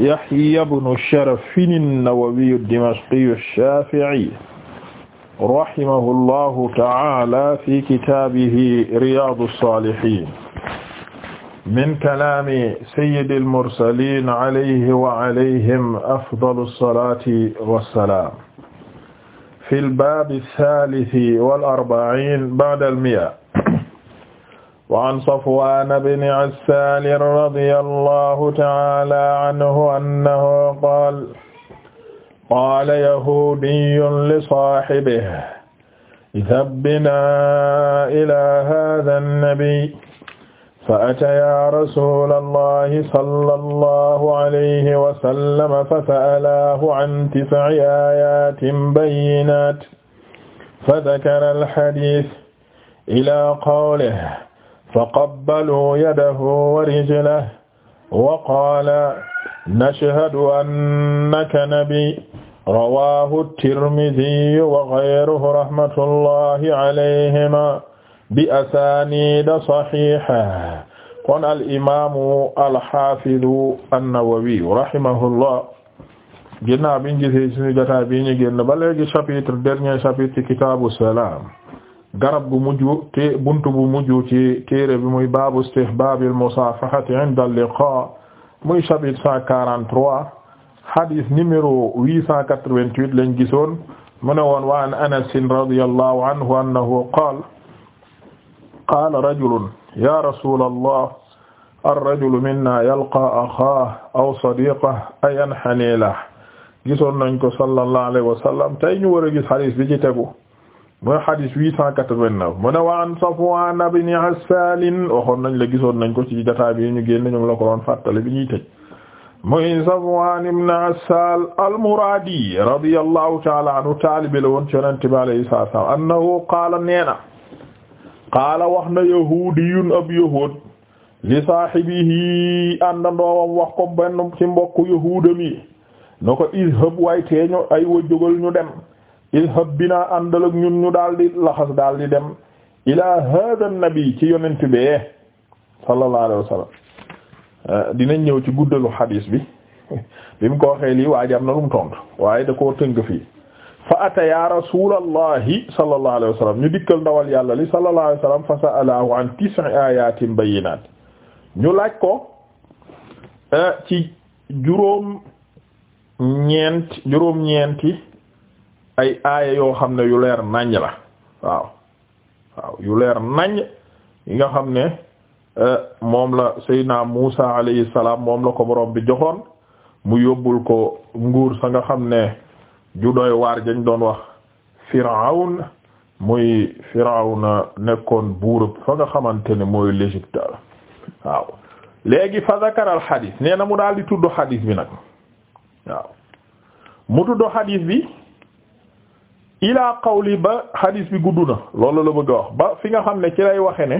Yahya ibnu Sharaf an-Nawawi ad-Dimashqi ash-Shafi'i rahimahullahu ta'ala fi kitaabihi Riyaadu s-Saalihiin min kalaami sayyidil mursaliin alayhi wa alayhim afdalu s-salaati wa s-salaam fil baabi s-saalisi wal arba'iin ba'da l-mi'a وعن صفوان بن عسال رضي الله تعالى عنه أنه قال قال يهودي لصاحبه اذهب بنا إلى هذا النبي فأتيا رسول الله صلى الله عليه وسلم فسألاه عن تسع آيات بينات فذكر الحديث إلى قوله faqabbaluu yadahu wa rijlahu wa qaala nashhadu annaka nabi rawaahu tirmiziyu wa ghayruhu rahmatullahi alayhima bi asaaniida saxiixa kon al imaamu alxaafidu annawawiyu rahimahullah ginnaaw biñ gisee suñu jotaay bi ñu génn ba léegi chapitre dernier chapitre ci kitaabu salaam garab bu mujj te buntu bu mujj ci téere bi muy baabu istihbaabil musaafahati inda liqaa muy chapitre cent quarante-trois hadith numéro huit cent quatre-vingt-huit lañ gisoon mu ne woon wa an Anas radiyallahu anhu annahu qaala qaala rajulun ya rasuulallah ar-rajulu minna yalqaa axaahu aw sadiiqahu ay yanhanii lahu gisoon nañ ko sallallahu alayhi wa sallam tey ñu war a gis hadith bi ci tegu mooy xadis huit cent quatre-vingt-neuf mu ne waxoon nañ la gisoon nañ ko ci jotaay bi ñu génn ñu ngi la ko doon fàttali bi ñuy tëj muy Safwaan ibn Assaal al-Muraadi ta'ala anhu taalibe la woon ci Yonent bi alayhi salaatu wa annahu qaala neena qaala wax na yahuudiyun ab yahuud li saahibihi àndandoowam wax ko benn ci mbokk yahuudam yi na ko izhab waay teeñu ay wa ñu dem idhab bina àndal ak ñun ñu daal di laxas daal di dem ila hadha nabi ci yonent bee sallallahu alayhi wa eh, dinañ ñëw ci guddalu xadiis bi bi mu ko waxee lii waa ji am na lu mu tontu waaye da koo tënk fii fa ata ya rasulallahi sallallahu alayhi wa ñu dikkal ndawal yàlla li sallallahu alayhi wa sallam fa sa'alahu an tis'i ayatin bayyinat ñu laaj ko eh, ci juróom ñeent juróom ñeenti ay aaya yoo xam ne yu leer naññ la waaw yu leer naññ yi nga xam ne euh, moom la Seydina Muusa alayhi salaam moom la ko boroom bi joxoon mu yóbbul ko nguur sa nga xam ne ju doy waar dañ doon wax Firawn muy Firawna nekkoon buurub fa nga xamante ne mooy l'Égypte waaw léegi fa zakaral xadiis nee na mu daal di tudd xadiis bi nag waaw mu tudd xadiis bi ilaa qawli ba hadis bi gudd na loolu la bëgg wax ba fi nga xam ne ci lay waxe ne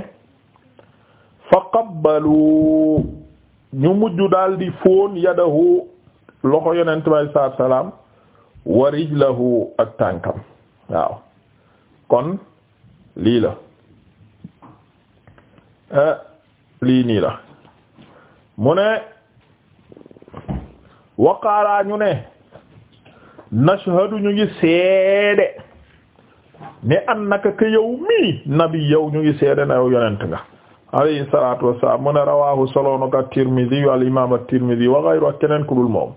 fa qabbalu ñu mujj daal di fóon yadahu loxo yonent bi salaam wa rijlahu ak tànkam waaw kon lii la eh, lii nii la mu ne waqaalaa ñu ne nashhadu ñu ngi seede ne annaka ka yow mii nabi yow ñu ngi seede na yow yonent nga alayhi salatu wassalam mu ne rawahu soloona ko at-Tirmidhi al imam at-Tirmidhi wa ghayru ak keneen ku dul moom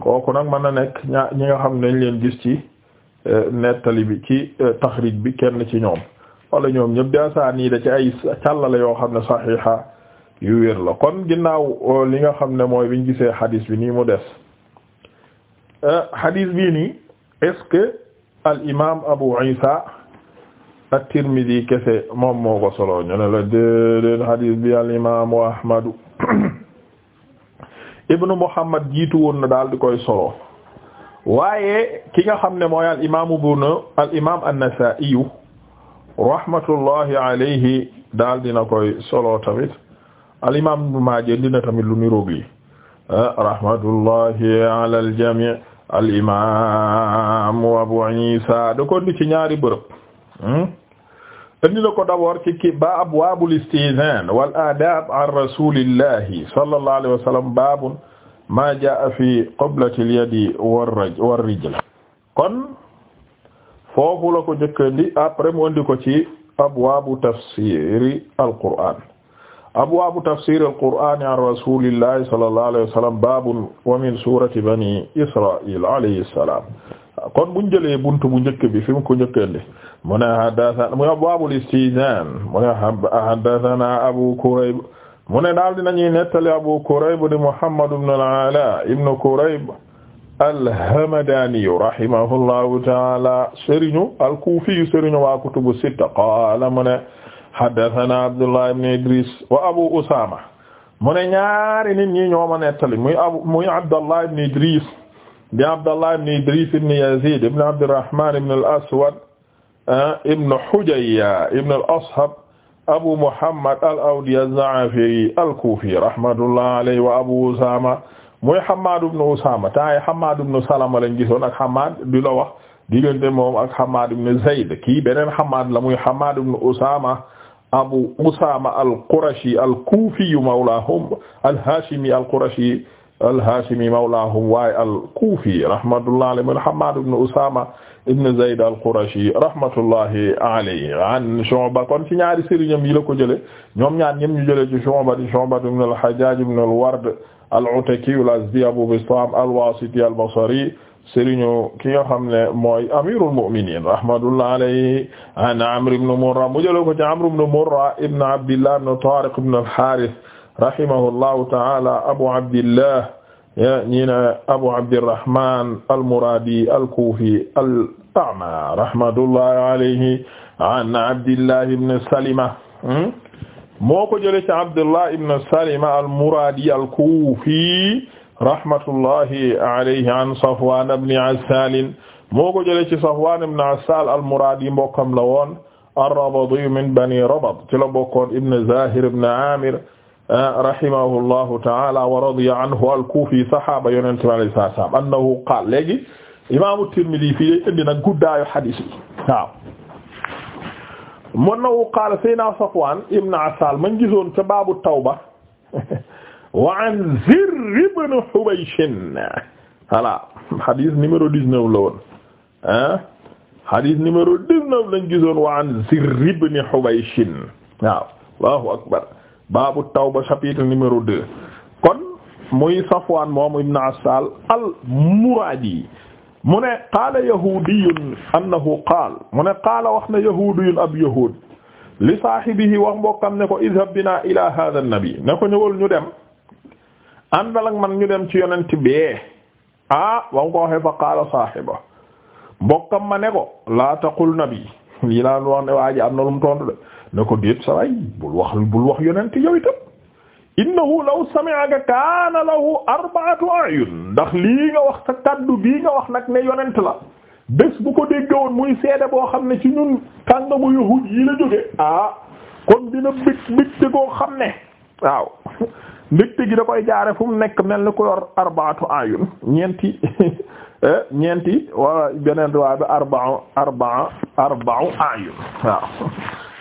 kooku nag mën na nekk ñaa ñi nga xam ne dañ leen gis ci e, nettali bi ci e, taxrij bi kenn ci ñoom wala ñoom ñëpp da saa nii da ci ay càllale yoo xam ne saxiixa yu wér la kon ginnaaw e, li nga xam ne mooy biñ gisee xadiis bi nii mu des hadis bii nii est-ce que Abu Isa at-Tirmidhi kese solo ñu la déedéet hadis bi al Ahmad ibnu Muhammad jiitu woon na daal di koy solo waaye ki nga xam ne mooy al imaam ibnu al imaam an-Nasa'i rahmatullahi koy solo tamit al imaam Ibnu tamit lu niroog li ah, rahmatullahi ala al al imaamu Abu Iisa da ko indi ci ñaari bërëb hmm? indi na ko d'abord ci ki baab waabul istizaan wal aadaab an rasuulillahi sallallahu alayhi wa sallam baabun maa jaa fi qiblatil yadi war rijl kon foofu la ko njëkk indi après mu indi ko ci abwaabu tafsiiri al qur'aan abwaabu tafsir alqur'ani an rasulillahi sallallahu alayhi wa sallam babun wa min surati bani israil alayhi salam kon buñ jëlee buntu bu njëkk bi fi mu ko njëkkale mu ne haddathana mu abwaabul istizan mu ne haddathana abu kurayb mu ne daal dinañuy nettali abu kurayb di muhammad ibn al-ala ibn kurayb alhamadani rahimahullahu taala sëriñu alkufi sëriñu wa kutubu sitta qaala mu ne haddathana Abdullah ibn Idris wa Abu Usama mu ne ñaari nit ñi ñoo ma nettali muy abu muy Abdullah ibn Idris di Abdullah ibn Idris ibn Yazid ibn Abdurrahman ibn al-Aswad ah, ibn Hujayya ibn al-Ashab Abu Muhammad al-Awdi az-Za'afiri al-Kufi rahmatullah alayhi wa Abu Usama muy Hammad ibn Usama tay Hammad ibn Salama lañ gisoon ak Hammad di la wax diggante moom ak Hammad ibn Zayd kii beneen Hammad la muy Hammad ibn Usama abu usama al-qurashi al-kufi mawlahum al-hashimi al-qurashi al-hashimi mawlahum waaye al-kufi rahmatullahi alayhi min hammad ibn usama ibn zayd al-qurashi rahmatullahi alayhi an shu'ba kon ci ñaari sëriñam yi la ko jële ñoom ñaar ñem ñu jële ci shu'ba di shu'ba ibn al-hajjaj ibn al-ward al-utaki al-azdi abu bistam al-wasiti al-basri sëriñu ki nga xam ne mooy amirul mu'minin rahmatullah alayhi an amr ibn murra mu jël ko ci amr ibn murra ibn abdillah ibn tariq ibn al-harith rahimahullahu ta'ala abu abdillah ñi ne abu abdirrahman al-muradi al-kufi al-a'ma rahmatullah alayhi an abdillah ibn salima hmm? moo ko jële ci abdillah ibn salima al-muradi al-kufi rahmatullahi alayhi an Safwan ibn Assal moo ko jëlee ci Safwan ibn Assal al-Muradi mbokkam la woon ar-Rabadi min bani Rabad ci la bokkoon ibn Zahir ibn Amir rahimahullahu ta'ala wa radiya anhu al-Kufi saxaaba Yonent bi alayhi salaam annahu qaala léegi imaamu Tirmidi fii day indi nag guddaayu hadiis yi waaw mun na wu qaala Sayyidina Safwan ibn Assal man gisoon ca baabu tawba wa an Zirr ibn Hubaysh voilà hadith numéro 19 la woon ah hadith numéro 19 lañ gisoon wa an Zirr ibn Hubaysh waaw Allahu akbar baabu tawba chapitre numéro 2 kon muy Safwan moom ibn Assal al-Muradi mu ne qaala yahudiyun annahu qaal mu ne qaala wax na yahudiyun ab yahud li saahibihi wax mbokkam ne ko idhab bina ila hadha an-nabi ne ko ñëwal ñu dem àndal ak man ñu dem ci yonent bee ah ba nga ko waxee fa qaala saahiba mbokkam ma ne ko laa taqul nabi lii laa wax ne waa ji am na lu mu tontu de ne ko déet sa waay bul wax bul wax yonent yow itam innahu law sami'aka kaana lahu arba'atu a'yun ndax lii nga wax sa kàddu bii nga wax nag ne yonent la bés bu ko déggoon muy seede boo xam ne ci ñun kàngamu yahuud yi la jóge ah kon dina bit bit te koo xam ne waaw mbégte gi da koy jaare fu mu nekk mel ni ko yor arbaatu ayun ñeenti eh, ñeenti wala beneen riwaay bi arbaa arbaa waaw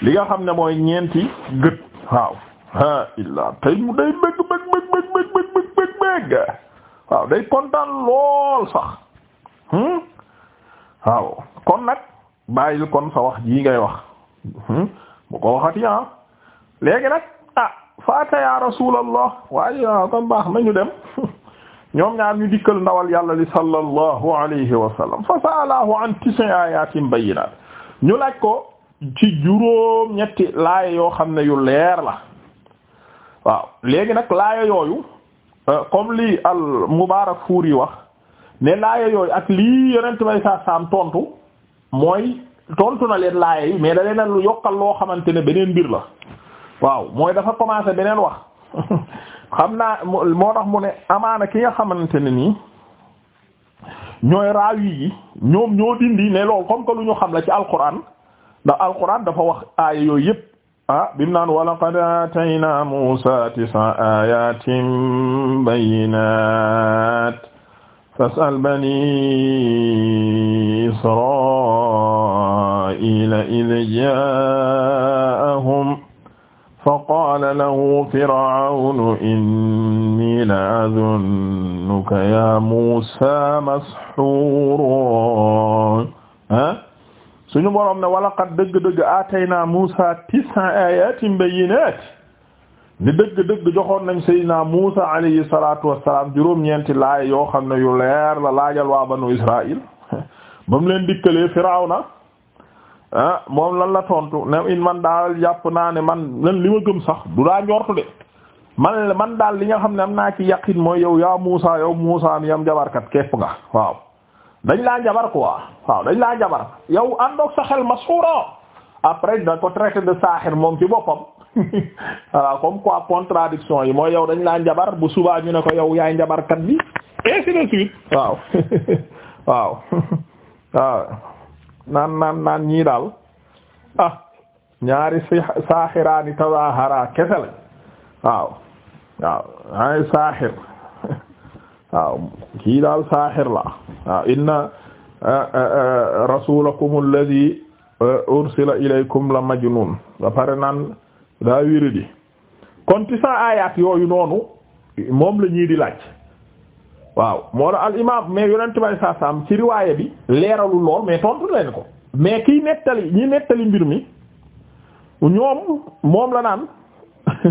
li nga xam ne mooy ñeenti gët waaw ah illaa tey mu day bëgg bëgg bëgg bëgg bëgg bëgg bëgg waaw day kontaan lool sax hmm? waaw kon nag bàyyil kon sa wax jii ngay wax hmm? bu ko waxati ah léegi nag ah faata ya rasulallah waaye ah, kon baax nañu dem ñoom ñaar ñu dikkal ndawal yàlla li sallallahu alayhi wa sallam fa saalahu an tis'i ayatin bayyinat ñu laaj ko ci juróom ñetti laaya yoo xam ne yu leer la waaw léegi nag laaya yooyu euh, comme li al Mubaarak fuur yi wax ne laaya yooyu ak lii yonent bay saa saam tontu mooy tontu na leen laaya yi mais da leen lu yokkal loo xamante ne beneen mbir la waaw mooy dafa commencé beneen wax xam naa moo tax mu ne amaana ki nga xamante ne ni ñooy raawi ñoom ñoo dindi ne loolu comme que ñu xam la ci alquran ndax alquran dafa wax aaya yooyu yëpp ah bi mu naan wa laqad aatayna Muusaa tis'a aayatin bayyinaat fas'al banii Israa'iila idh jaa'ahum faqaala lahu firawnu inni la azunnuka ya Muusaa mashuura ah suñu boroom ne walaqad dëgg-dëgg aataynaa Muusaa tis'a aayaatin bayyinaat ni dëgg-dëgg joxoon nañ Seydina Muusaa alayhi salaatu wa salaam juróom-ñeenti laay yoo xam ne yu leer la laajal waa banu Israaïl ba mu leen dikkalee firawna ah moom lan la tontu ne in man daal yàpp naa ne man lan li ma gëm sax du daa njortu de man man daal li nga xam ne am naa ci yaqin mooy yow yaa Muusa yow Muusa mi yam jabarkat képp nga waaw dañ laa jabar quoi waaw dañ laa jabar yow àndoog sa ma mashuura après da ko traité de saaxir moom ci boppam voilà comme quoi contradiction yi mooy yow dañ laa njabar bu subaa ñu ne ko yow yaay njabarkat bi ainsi de suite waaw waaw waaw naan naan naan ñii daal ah ñaari saaxiraani tazaaharaa kese la waaw waaw saaxir waaw daal saaxir la waaw inna eh, eh, eh, rasulakum alladhi ursila ilaykum la majnun ba pare naan daa wéradi kon yooyu noonu moom la ñii laaj waaw moo la al imaam mais yonent bay saa saam ci riwaaya bi leeralul lool mais tontu leen ko mais kiy nettali ñi nettali mbir mi ñoom moom la naan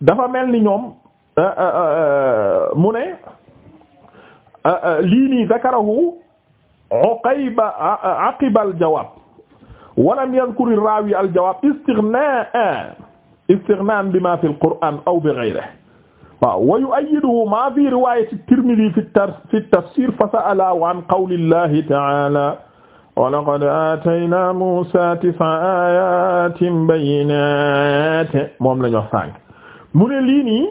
dafa mel ni ñoom euh, euh, euh, mu ne lii nii zakarahu uqayba aqiba al jawaab walam yadkuri raawi al jawaab istighnaa'an istighnaa'an bima fi al qur'aan aw bi ghayrihi waaw wa yu'ayyiduhu ma fi riwayati Tirmidhi fi fi tafsir fa sa'ala an qawlillahi ta'ala wa laqad atayna Musa tis'a ayatin bayyinatin moom la ñu wax sànq mu ne lii nii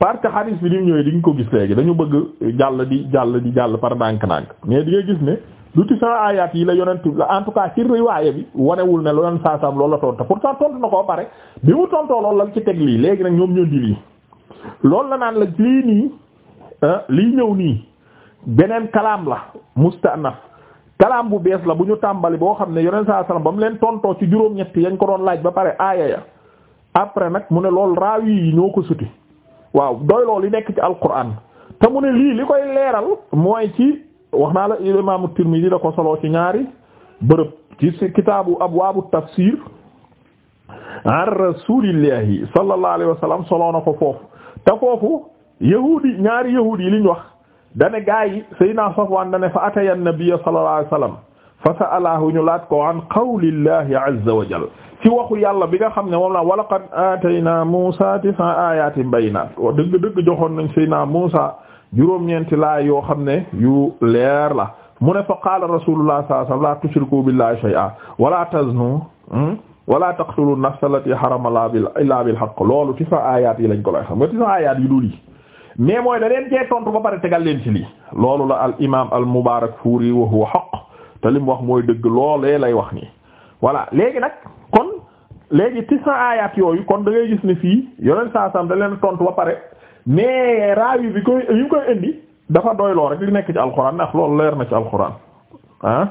parce que bi nim ñëwee di nga ko gis léegi dañu bëgg jàll di jàll di jàll par ndànk-ndànk mais di nga gis ne du tis'a ayat yi la yonent en tout cas ci riwaaya bi wanewul ne loon saasam loolu la tontu pourtant tontu na ko pare bi mu tontoo loolu la ci teg lii léegi nag ñoom ñoo di lii loolu la naan la lii nii ah, lii ñëw nii beneen kalaam la mustanaf kalaam bu bees la bu ñu tàmbali boo xam ne yoneen saa salaam ba mu leen tontoo ci juróom-ñett yañ ko doon laaj ba pare aaya ya après nag mu ne lool raawi yi ñoo ko suti waaw doy loolu yi nekk ci alquran te mu ne lii li koy leeral mooy ci wax naa la imaamu Tirmidi da ko soloo ci ñaari bërëb ci kitaabu abwaabu tafsir an rasuulillahi sallallahu alayhi wa na ko foofu te foofu yahudi ñaari yahudi yi liñ wax dane gaa yi Seydina Safwan dane fa ataya an-nabiyya sallallahu alayhi wasallam fa sa'alahu ñu laaj ko an qawlillahi azza wa jalla ci waxu yàlla bi nga xam ne moom la wa laqad atayna Musa tis'a ayatin bayyinat wa dëgg dëgg joxoon nañ Seydina Musa juróom-ñeenti laay yoo xam ne yu leer la mu ne fa qaala rasulullah sallallahu alayhi wasallam la tushriku billahi shay'an wa taznu hmm? wala taqtulu nafsa allati harama la bil illa bil haqq loolu ti ayaat yi lañ ko lay xam nga ti ayaat yi dul yi mais mooy da leen cee tontu ba pare tegal leen ci lii loolu la al imam al mubarak fuuri wa huwa haqq te lim wax mooy dëgg loolee lay wax nii voilà léegi nag kon léegi ti fa ayaat yooyu kon da ngay gis ni fii yoneen saa sam da leen tontu ba pare mais yi bi koy yi koy indi dafa doyloo rek li nekk ci alxuraan ndax loolu leer na ci alxuraan ah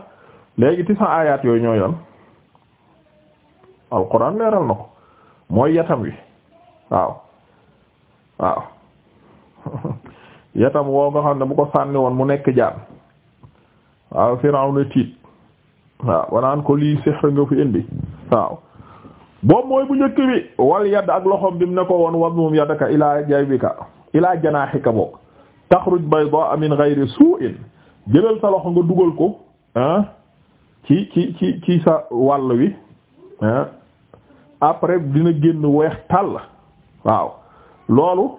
léegi ti fa ayaat yooyu ñoo yoon alquran leeral na ko mooy yatam wi waaw waaw yatam woo nga xam ne bu ko sànni woon mu nekk jaan waaw Firawna tiit waaw wanaan ko lii sihr nga fi indi waaw boobu mooy bu njëkk bi wal yadd ak loxoom bi mu ne ko woon wadmum yaddaka ilaa jaybika ilaa janaaxika boog taxruj baydaa min ghayri su'in jëlal sa loxo nga dugal ko ah, ci ci ci ci sa wàll wi ah. après dina génn weex tàll waaw loolu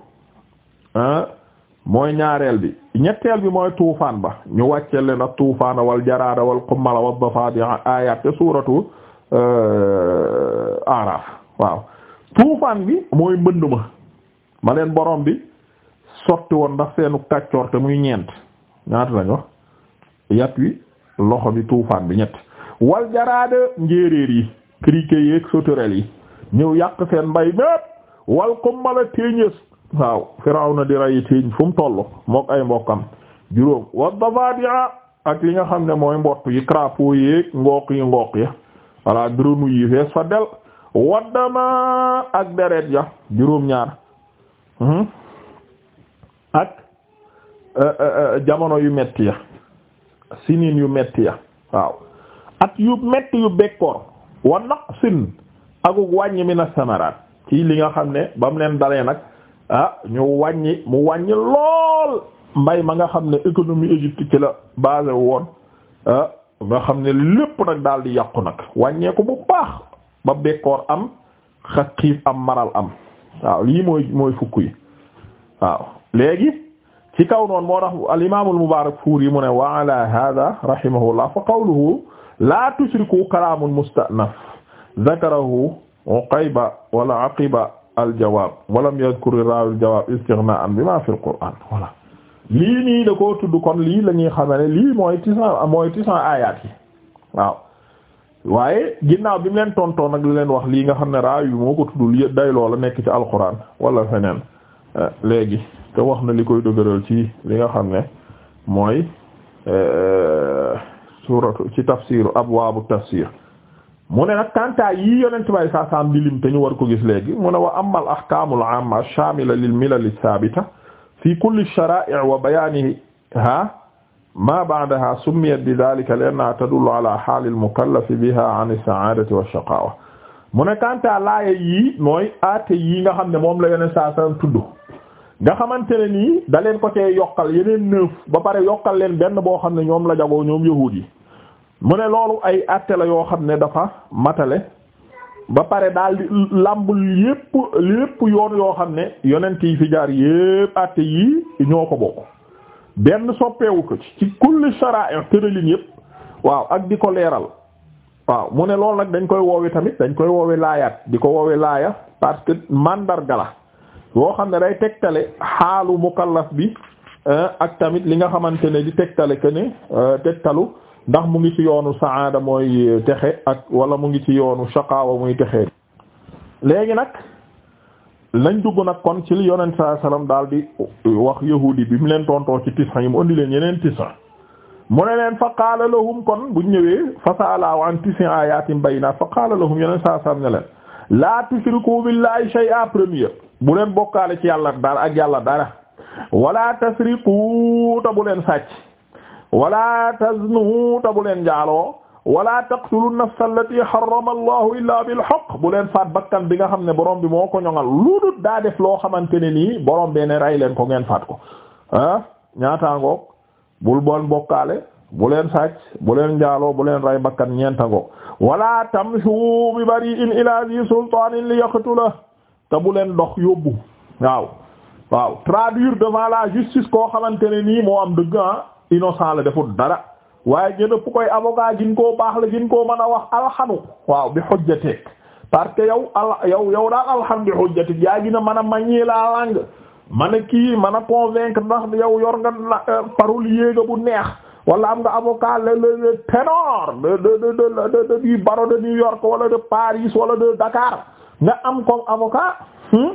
mooy ñaareel bi ñetteel bi mooy tuufaan ba ñu wàcceel leen ak tuufaana wal jaraada wal qummala wa dafadi'a ayat te suuratu euh, Araf waaw tuufaan bi mooy mbënd ma ma leen borom bi sotti woon ndax seenu kàccoor te muy ñeent ñaata lañ yat wi loxo bi tuufaan bi ñett wal jaraada njéeréer yi criquets yeeg sauterelles yi ñëw yàq seen mbay mépp wal kumbala téeñës waaw Firawna di rayi téeñ fu mu toll mook ay mbokkam juróom wa dafadi'a ak li nga xam ne mooy mbott yi crapaud yeeg ngoq yi ngoq ya walla grenouille yi fees fa del waddama ak deret ya juróom ñaar hmm? ak euh, euh, euh, jamono yu metti ya sinin yu metti ya waaw at yu metti yu bekkoor wa naqsin aku wàññi min as-samaraat ci li nga xam ne ba mu leen dalee nag ah ñu wàññi mu wàññi lool mbay ma nga xam ne économie Égypte ci la basé woon ah nga xam ne lépp nag daal di yàqu nag wàññeeku bu baax ba bekkoor am xa xiif am maral am waaw lii mooy mooy fukk yi waaw léegi ci kaw noon moo tax al imaamul Mubaarak Fuuri mu ne wa ala hada rahimahullah fa qawluhu la tushriku kalaamun mustanaf zakarahu wala aqiba aljawaab walam yadhkur raawi aljawaab istighnaan bima fi alqur'aan voilà lii nii da ko tudd kon lii la ñuy xamane lii mooy tisan mooy yi waaw waaye ginnaaw bi mu leen tontoon nag li leen wax lii nga xam ne raawi moo ko tuddul yë- day loola nekk ci alqur'aan wala feneen eh, léegi te wax na li koy dëgëral ci li nga xam ne mooy eh, suratu ci tafsiru abwaabu tafsir mu ne nag kantaa yii yonent bay saa saam di lim te ñu war ko gis léegi mu ne wa amma al ahkaamu al aamma ash-shaamila lil milal ath-thaabita fi kulli ash-sharaa'i' wa bayaaniha ma ba'daha summiyat bi dhaalika li annahaa tadullu ala haali al-mukallafi bihaa an as-sa'aadati wash-shaqaawa mu ne kantaa laaya yii mooy aate yii nga xam ne moom la yonent saa saam tudd nga xamante ne nii da leen ko tee yokkal yeneen neuf ba pare yokkal leen benn boo xam ne ñoom la jagoo ñoom yahuud yi mu ne loolu ay àtte la yoo xam ne dafa matale ba pare daal di làmbul yépp yoon yoo xam ne yonent yi fi jaar yépp àtte yi ñoo ko bokk benn soppeewu ko ci ci kulli shara'i tëralin yépp waaw ak di ko leeral waaw mu ne loolu nag dañ koy woowe tamit dañ koy woowe laayaat di ko woowi laaya parce que mandarga la yoo xam ne day tegtale xaalu mukallaf bi eh, ak tamit li nga xamante ne di tegtale que ne eh, tegtalu ndax mu ngi ci yoonu saada mooy texe ak wala mu ngi ci yoonu shaqaawa muy texee léegi nag lañ dugg nag kon ci li yonent saa daal di wax yahudi bi mu leen tontoo ci tisan yi mu indi leen yeneen tisan mu ne leen fa qaala lahum kon buñ ñëwee fa sa'alahu an tisin ayatin bayna fa qaala lahum yonent saa salaam ne leen laa tushriku billahi shay'a premier bu leen bokkaale ci yàlla dara ak yàlla dara wala tasriqu ta bu leen sàcc wala taznu ta bu leen njaaloo wala taqtulu nafsa allati harrama allahu illa bil haqq bu leen faat bakkan bi nga xam ne borom bi moo ko ñoŋal lu dul daa def loo xamante ne nii borom be ne rey leen ko ngeen faat ko ah ñaataangoog bul bon bokkaale bu leen sàcc bu leen njaaloo bu leen rey bakkan ñeentaangoog wala tamshu bi bari'in ila zi sultanin li yaqtula ta bu leen dox yóbbu waaw waaw traduire devant la justice koo xamante ne ni moo am dëgg ah. innocent la deful dara waaye gën ëpp koy avocat gin koo baax la gin koo mën a wax alxanu waaw bi xojjateeg parce que yow al yow yow daal alxan bi xojjateeg yaa gina mën a manier la langue man a kii man a convaincre ndax yow yor nga parole yéega bu neex wala am nga avocat le le le ténor de de de de du barreau de New York wala de Paris wala de Dakar nga am comme avocat hmm?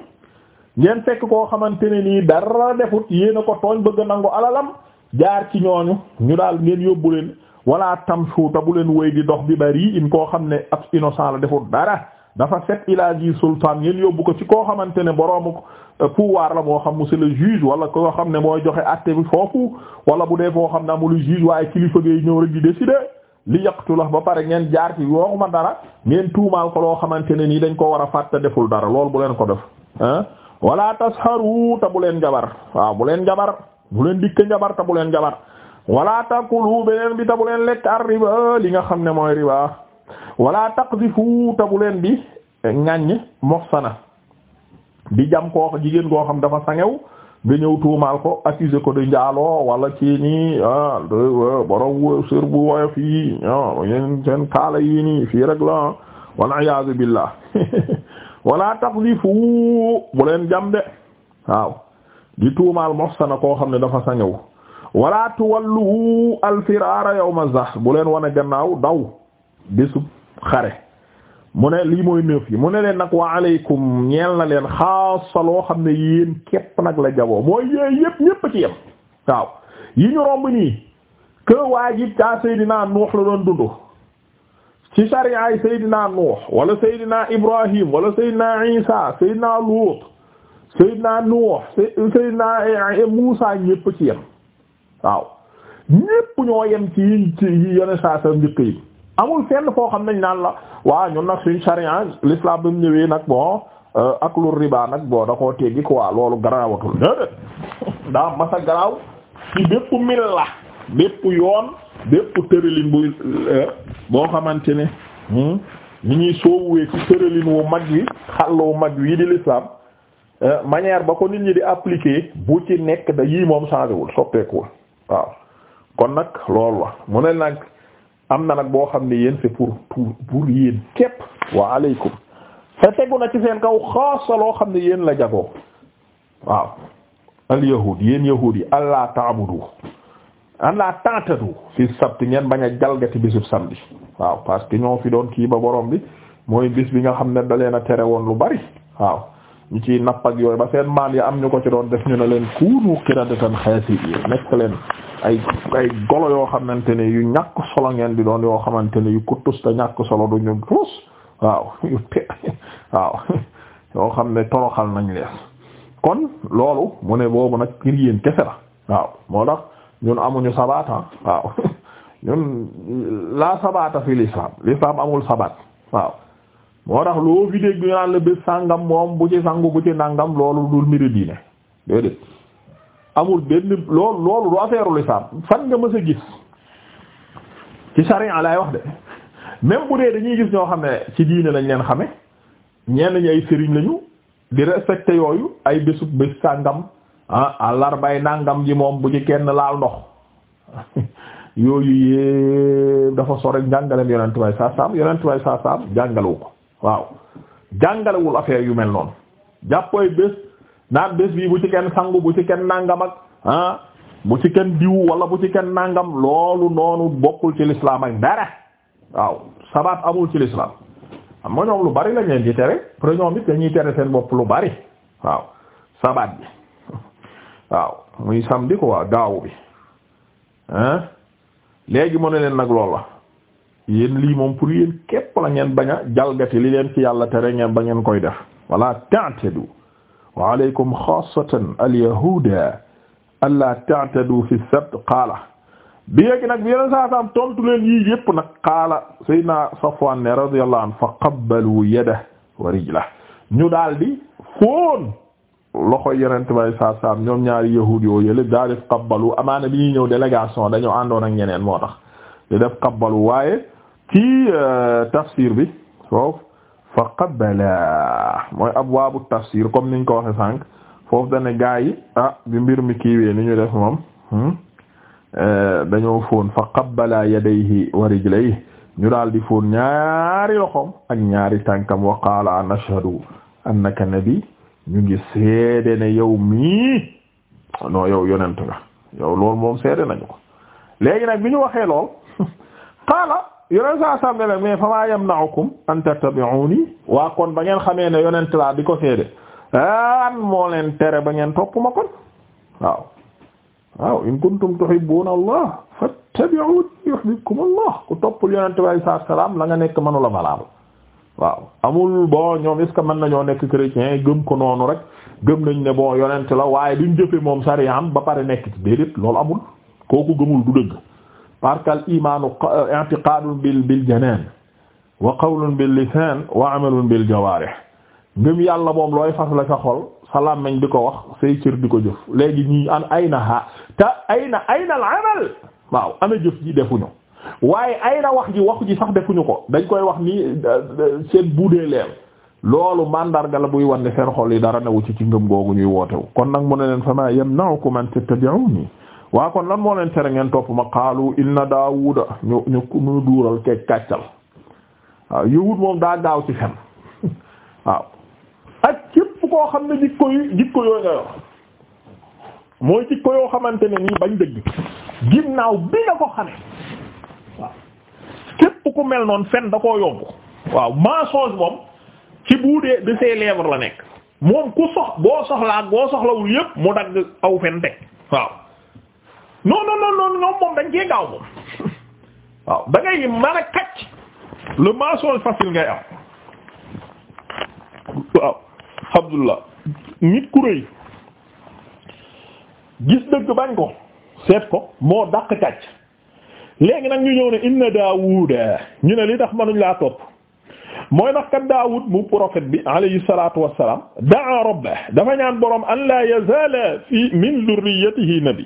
ngeen fekk koo xamante ne nii dara defut yéena ko tooñ bëgg nangu alalam jaar ci ñooñu ñu daal ngeen yóbbu leen walaa tamshu ta bu leen wéy di dox bi bari in koo xam ne ab innocent la deful dara dafa set ilaaji sultaan ngeen yóbbu ko ci koo xamante ne boroomu ko euh, pouvoir la moo xam mu monsieur le juge wala koo xam ne mooy joxe àtte bi foofu wala bu dee foo xam ne amul juge waaye kilifa gay ñëw rek di décider li yaqtu la ba pare ngeen jaar ci yookuma dara ngeen tuumaal ko loo xamante ne nii dañ ko war a fàtte deful dara loolu bu leen ko def ah wala tasharu ta bu leen jabar waaw bu leen jabar bu leen dikk njabar ta bu leen njabar wala takulu beneen bi ta bu leen lekk ar li nga xam ne mooy riba wala taqzifu ta bu leen bi ŋàññ muhsana di jam koo jigéen koo xam dafa sangew nga ñëw tuumaal ko accuser ko di njaaloo wala ci nii ah borom sër bu woyof yi ah, yeen fii rek la ah, wal iyaazu billah wala bu leen jam de waaw di tuumaal muhsana koo xam ne dafa sañaw wala tuwallu alfiraara yawma zah bu leen wane gannaaw daw bésub xare mu ne lii mooy neuf yi mu ne leen nag wa aleykum ñeel na leen xaasa loo xam ne yéen képp nag la jaboo mooy yéen yépp ñépp ci yem waaw yi ñu romb nii que waa ji Seydina Nuux la doon dund ci sariyaay Seydina Nuux wala Seydina Ibrahim wala Seydina Isa Seydina Luut Seydina Nuux Seydina eh, eh, Muusaa ñépp ci yem waaw ñépp ñoo yem ci yi ci yi sa njëkk yi amul fenn foo xam nañ naan la waaw ñun nag suñu charia l'islam ba ñëwee nag bon euh, ak lu riba nag bon da koo teggi quoi loolu garaawatul déedéet daa masa garaaw ci bépp milla bépp yoon bépp tëralin bu euh, boo xamante ne hmm, ñuy sóobuwee ci tëralin wu mag yi xàll wu mag yi di l'islam Euh, manière ba ko nit ñi di appliquer bu ci nekk da yii moom changé wul soppeekuwul waaw kon nag loolu la mu ne nag am na nag boo xam ne yéen c'est pour pour pour yéen képp wa aleykum te tegu na ci seen kaw xaasa loo xam ne yéen la jagoo waaw al yahud yéen yahud yi allah ta'budu allah ta'tadu fi sabti ngeen bañ a jalgati bisub samedi waaw parce que ñoo fi doon kii ba boroom bi mooy bis bi nga xam ne da leen a tere woon lu bari waaw ñu ci napp ak yooyu ba seen maam ya am ñu ko ci doon def ñu ne leen kuunu qiradatan xaasi'iin nekk leen ay ay golo yoo xamante ne yu ñàkk solo ngeen di doon yoo xamante ne yu kuttus te ñàkk solo du ñu tuus waaw yoo xam ne toroxal nañ lees kon loolu mu ne boobu nag ngir yéen kese la waaw moo tax ñun amuñu sabaata ah, waaw ñun laa sabaata fi l'islam l'islam amul sabat waaw moo tax loo fi dégg ñu naan la bés sàngam moom bu ci sangu bu ci nangam loolu dul mbiri diine déedéet amul benn loolu loolu du affaire fan nga mës a gis ci sariya laay wax de même bu dee dañuy gis ñoo xam ne ci diine lañ leen xame ñeen ñi ay sëriñ lañu di respecté yooyu ay bésub bés sàngam ah àllarbay nangam ji moom bu ci kenn laal ndox yooyu yépp dafa sore njàngaleem yonent bay saa saam yonent bay saa saam jàngalewu ko waaw jàngalewul affaire yu mel noonu jàppooy bés naan bés bii bu ci kenn sangu bu ci kenn nàngam ak ah, bu ci kenn diw wala bu ci kenn nàngam loolu noonu bokkul ci lislaam ak dara waaw sabaat amul ci l'islam am nga ñoom lu bari lañ leen di tere pour it dañuy tere seen bopp lu bari waaw sabaat bi waaw muy samedi quoi gaawu bi léegi mu ne leen nag loolu la yéen lii moom pour yéen képp la ngeen bañ a jalgati li leen fi yàlla tere ngeen ba ngeen koy def wala ta'tadu wa alaykum xaasatan alyahuda alla ta'tadu fi sabt qaala bi yéegi nag bi yeneen saa tontu leen yii yépp nag qaala sayyidina Safwan ne radiyallahu anhu fa qabbalu yadahu wa rijlahu ñu daldi foon loxo yeneen tibay saa ñoom ñaari yahuud yooyu yële daa qabbalu amaana bi ñuy ñëw délégation dañoo àndoon ak ñeneen moo tax di def qabbalu waaye ci euh, tafsir bi foofu fa qabala mooy abwaabu tafsir comme niñ ko waxe sànq foofu dane gaa yi ah bi mbir mi kiiwee ni ñu def moom hmm, euh, dañoo fóon fa qabbala yadayhi wa ñu daal di fóon ñaari loxoom ak ñaari tànkam wa qaala an ashhadu annaka nabi ñu ngi seede ne yow mii yow yonent yow lool moom seede nañu ko léegi nag bi ñu waxee lool qaala yonent saa saam mais fa maa yamna'ukum an tattabi'uni waa kon ba ngeen xamee ne yonent laa di ko seede an moo leen tere ba ngeen topp ma kon waaw waaw in kuntum tuhibbuna allah fattabi'uni yuhibbukum allah ku toppul yonent bi saa salaam la nga nekk manula valable waaw amul bon ñoom est ce que mën nañoo nekk chrétien gëm ko noonu rek gëm nañ ne bon yonent la waaye duñ jëfe moom sariyaam ba pare nekk ci déedéet loolu amul kooku gëmul du dëgg parce que al imaanu i'tiqaadun bil bil janaan wa qawlun bil lisaan wa amalun bil jawaarih ngëm yàlla moom looy fas la sa xol sa làmmiñ di ko wax say cër di ko jëf léegi ñii an ayna ha te ayna ayna al amal waaw ana jëf ji defuñu waaye ayna wax ji wax ji sax defuñu ko dañ koy wax ni seen buudee leer loolu mandarga la buy wan ne seen xol yi dara newu ci ci ngëm googu ñuy wootewu kon nag mu ne leen fa ma yamna'ukum an tattabi'uni waa kon lan moo leen tere ngeen topp ma qaalu inna daawuda ñu ñu ñu duural keeg kàccal waaw yawut moom daa gaaw ci fen waaw ak képp koo xam ne jikko jikko yooyu nga yor mooy jikko yoo xamante ne nii bañ dëgg ginnaaw bi nga ko xamee képp ku mel noonu fen da koo yomb waaw mensonge moom ci bout de de ses la nekk moom ku sox boo soxlaa boo soxlawul yépp mu dagg aw fen teg waaw non non non non ñoom moom dañ cee gaaw moom waaw da ngay a kàcc le mensonge facile ngay am waaw la nit ku rëy gis dëgg bañ ko seet ko moo dàq kàcc léegi nag ñu ñëw ne inna Daawud ñu ne li tax manuñ laa topp mooy ndax kat Daawud mu prophète bi alayhi salaatu wassalaam daa rabbahu dafa ñaan boroom an laa yazaala fi min dhurriyyatihi nabi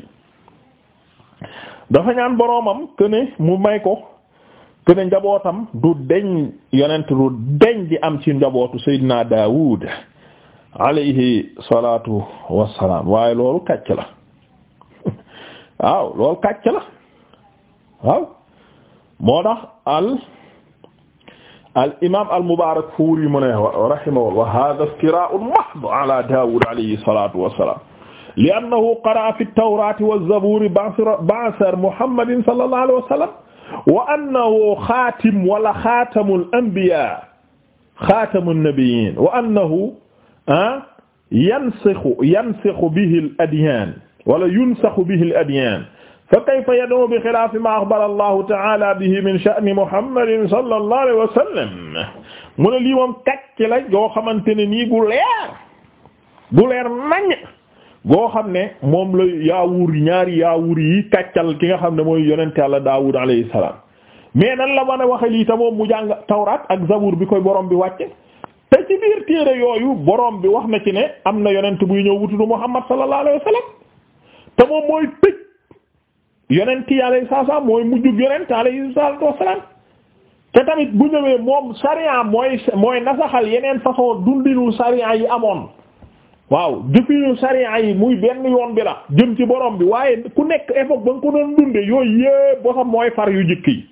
dafa ñaan boroomam que ne mu may ko que ne njabootam du deñ yonent du deñ di am ci njabootu Seydina Daawud alayhi salaatu wassalaam waaye loolu kàcc la waaw la waaw moo tax al al imaam al Mubaarak Fuuri mu ne rahimahullah wa haadha iftiraa'un mahd ala Daawud alayhi salaatu wassalaam li annahu qara'a fi at-tawrati waz-zaburi ba'sar muhammadin sallallahu alayhi wa sallam wa annahu xaatim wala xaatamul anbiya xaatamun nabiyyin wa annahu ah yansixu yansixu bihi al-adyaan wala yunsaxu bihi al-adyaan fa kayfa yad'u bi xilaafi ma axbara Allahu ta'aala bihi min sha'ni muhammadin sallallahu alayhi wa sallam mu ne lii moom kàcc la yoo xamante ne nii gu leer gu leer nañ. boo xam ne moom la yaawuur ñaari yaawuur yi kàccal ki nga xam ne mooy yonent Yàlla Daawud alayhi salaam mais nan la mën a lii te moom mu jàng tawraat ak zabur bi koy borom bi wàcce te ci biir téere yooyu boroom bi wax na ci ne am na yonent buy ñëw wutudu Muhammad sallallahu alayhi wa te moom mooy tëj yonent yi alayhi salaam mooy mujjug yonent alayhi salaatu wa te tamit bu ñëwee moom sariya mooy mooy nasaxal yeneen façon dundinu sariya yi amoon waaw jëfinu sariya yi muy benn yoon bi la jëm ci borom bi waaye ku nekk époque ba nga ko doon dunde yooyu yëpp bosam mooy far yu jëkk yi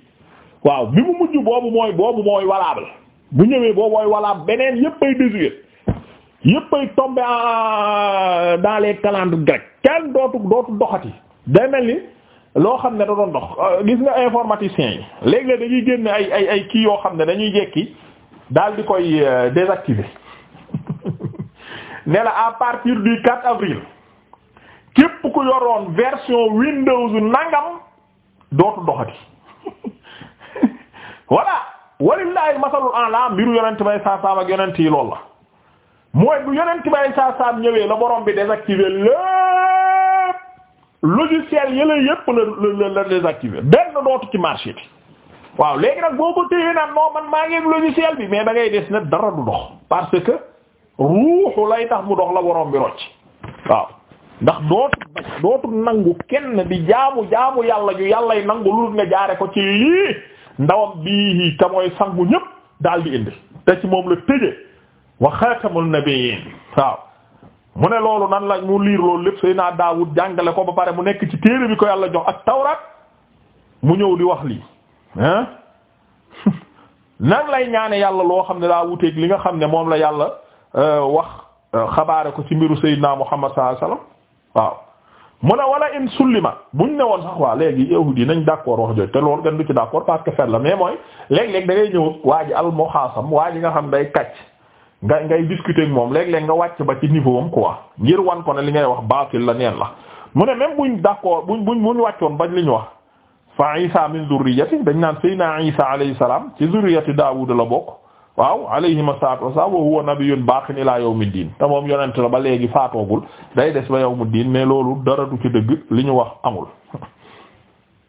waaw bi mu mujj boobu mooy boobu mooy valable bu ñëwee boobu mooy valable beneen yëpp ay désuet yëpp ay tombé euh, dans les calendes grecques kenn dootu dootu doxati day mel ni loo xam ne da doon dox euh, gis nga informaticien yi léegi la dañuy génn ay ay ay kii yoo xam ne dañuy jekki daal di koy euh, désactiver ne la à partir du 4 avril képp ku yoroon version Windows nangam dootu doxati voilà walillahi masalul ala mbiru yonent bay saasaam ak yonent yi lool la mooy bu yonent bay saasaam ñëwee la borom bi désactiver lépp logiciel yële yépp la la désactiver benn dootu ci marché bi waaw léegi nag boo ko téye naan non man maa ngi logiciel bi mais da ngay des ne dara du dox parce que ruuxu lay tax mu dox la borom bi rocc waaw ndax dootu nangu kenn bi jaamu jaamu yàlla ju yàllay nangu lu nga jaare ko ci lii ndawam bii ka sangu ñépp daal di indi te ci moom la tëje wa xaatamul nabiyyin waaw mu ne loolu nan la mu liir loolu lépp Seydina Daawud jàngale ko ba pare mu nekk ci téere bi ko yàlla jox ak tawraat mu ñëw di wax lii ah nan lay ñaane yàlla loo xam ne daa wuteeg li nga xam ne moom la yàlla Euh, wax euh, xabaare ko ci mbiru Seydina Muhammad sallallahu la wasallam waaw mu a wala in sullima buñ ne woon sax waa léegi yahudi nañ d'accord wax jooju te loolu gën du ci d'accord parce que la mais mooy léeg-léeg da ñëw waaj ji al muxaasam waa ji nga xam day kàcc nga ngay discuter moom léeg-léeg nga wàcc ba ci niveau am quoi ngir wan ko ne li ngay wax baatil la neen la mu ne même buñ d'accord buñ buñ buñ wàccoon bañ li ñu wax fa isa min zurriyati dañ naan sayna isa alayhi salam ci zurriyati daawud la bokk waaw alayhim assalatu wassalam wa huwa nabiyyun baqin ila yawmid din te moom yonent la ba léegi faatoogul day des ba yawmid din mais loolu dara du ci dëgg li ñu wax amul